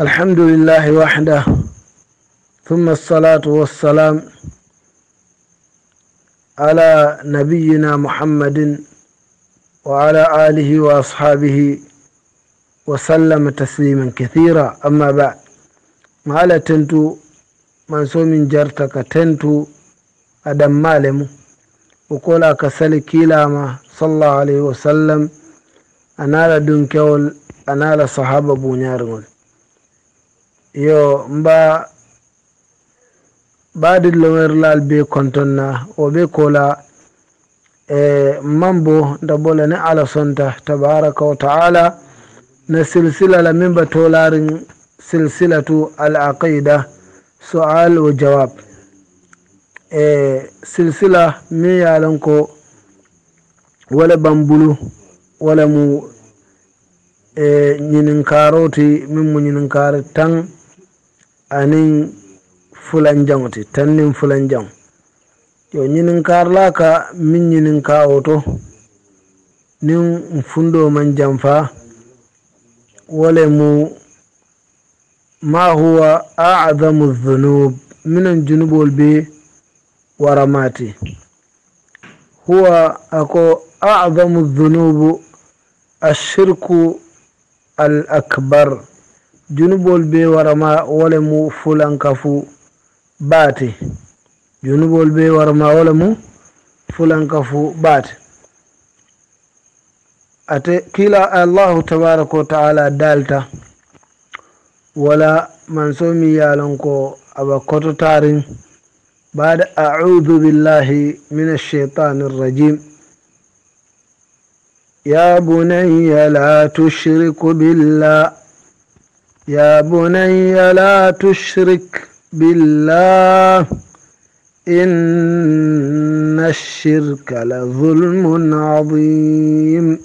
الحمد لله وحده ثم الصلاة والسلام على نبينا محمد وعلى آله وأصحابه وسلم تسليما كثيرا أما بعد ما تنتو من سوم جرتك تنتو أدم مالم وقول أكسل كيلاما صلى الله عليه وسلم أنا دنكول أنا لصحابة بنيارون yo mba baadi lal be kontonna wo be kola e mambo dabole ne ala sonta tabaraka wa taala na silsila la min ba tolarin silsilatu al aqida su'al wa jawab e silsila min yalan ko wala bambulu wala mu e eh, ñinin karoti min mu ñinin tan anin fulan ti tannin fulan jang yo ñininkaari la ka min nyinin ka oto nin fundo man janfa wale mu ma huwa a'zamu dhunub min junubul bi waramati huwa ako a'zamu dhunub ashirku al akbar junubol be warama wole mu fulankafu baate junubol be warama wole mu fulankafu baate ate kila allahu tabaraka wa taala dalta wala mansomi yalon ko aba kototarin بعد أعوذ بالله من الشيطان الرجيم يا بني لا تشرك بالله يا بني لا تشرك بالله إن الشرك لظلم عظيم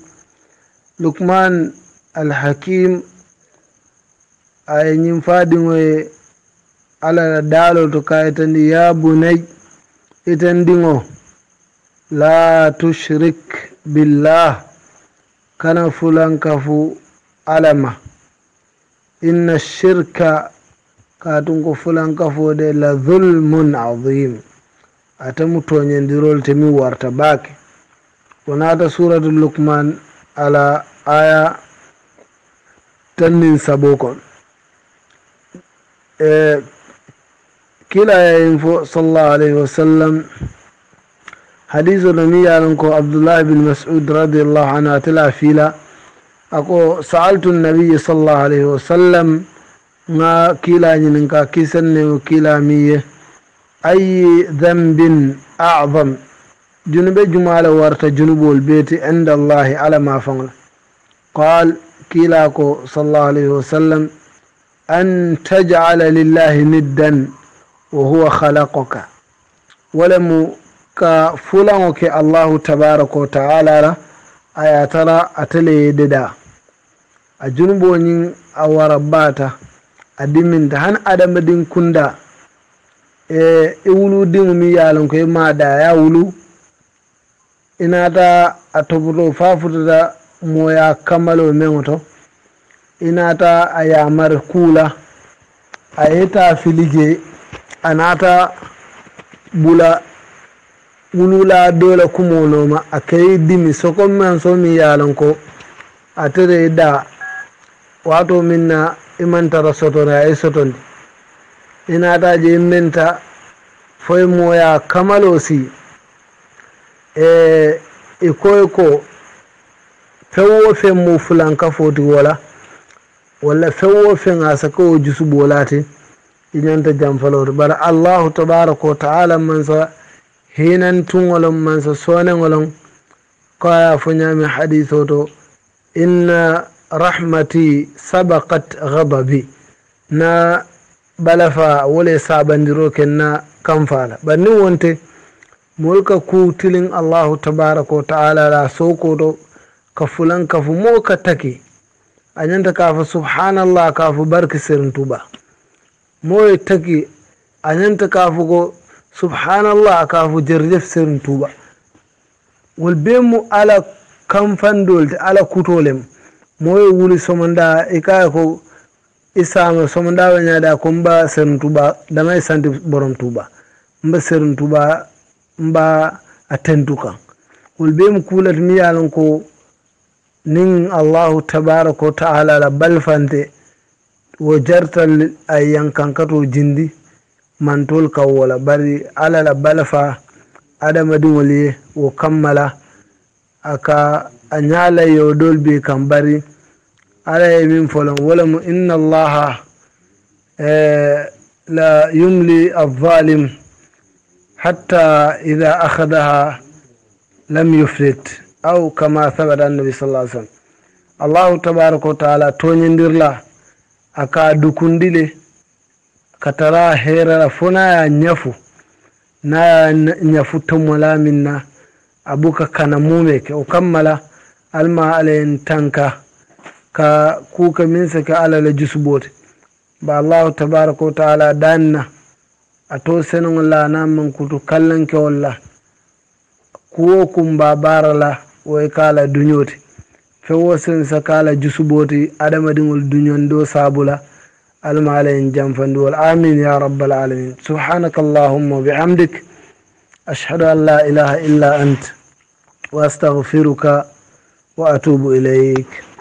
لقمان الحكيم أين فادن على دالو تكايتن يا بني إتندنو لا تشرك بالله كان فلان كفو علمه inna shirka katin katunko fulanka fode la zulmun adim ata mu toñendirol temi warta baake wonata surat lukman ala aya tannin sabo kon e kilayayin fo sallallahu alayhi wasallam hadiso no mi yalan ko abdoulah bin masud radiyallahu anhu atela fiila ako sa'altu nabiy sallallahu alaihi wasallam nga kila ñininka kisanne o kila miye ayi dambin acdam junube jumala warta junubol beeti inda allahi ala ma faŋla qal kila ko sallallahu alaihi wasallam an tajcala lillahi niddan wa huwa khalaqaka walemu ka fulaŋo ke allahu tabaraka wa taala la a yatara a tale dida a junbonin a warabata a diminta han adama din kunda e iwulu e din mi yalan kai ma da ya wulu ina ta a tobuto fafuta da moya kamalo memoto ina ta a yamar kula a yi ta filige a nata bula wulula dole kumolo ma akai dimi sokon man so mi yalan ko tare da wato minna imantara sotona ay ina ta je minta foi moya kamalo si e ikoye e ko fewwo fe mu ka foti wola fe fewwo sa ko jusu jusuɓolate inanta jamfalowto bara allahu tabaraka wa taala man sa hinan tun tunŋolon mansa kaya koya fuñami hadiso to inna rahmati sabakat gadabi na balafa wole sabandiro ken na kamfala bannin wonte mulka ku tilin allahu tabaraka taala la sokoto ka fulan kafu mo ka take anyanta ka kafa subhanallah kafu barki serin tuba moye take anyanta ka fu go subhanallah kafu jerde serin tuuba wol be mo ala kamfandolte ala kutolem moye wuli somonda e kaya ko isama somonda wañaada ko mba serin tuuba dama e santi borom tuuba mba serin tuuba mba a tentu kan wol be mo kuulata mi ko nin allahu tabaraka wa taala la balfante wo jartal jindi mantol kawola bari alala balafa adamadin wale wa kammala aka anyala yodol be kan bari ala ya min folon wala mu inna allah eh, la yumli al-zalim hatta idha akhadaha lam yufrit aw kama thabata annabi sallallahu alaihi wasallam allah tabaaraku ta'ala to nyindirla aka dukundile katara herara fona ya nyafu na nyafu tommola minna abuka kana mumeke o kammala alma alayen tanka ka kuka min ala la jusubote ba allah tabaraka wa ta'ala danna a to senin na man kutu kallon ke walla kuwo kun ba la wai kala dunyote fewo sa kala jusuboti adama dingol dunyon do sabula المالين جنفا والآمين يا رب العالمين سبحانك اللهم وبحمدك أشهد أن لا إله إلا أنت وأستغفرك وأتوب إليك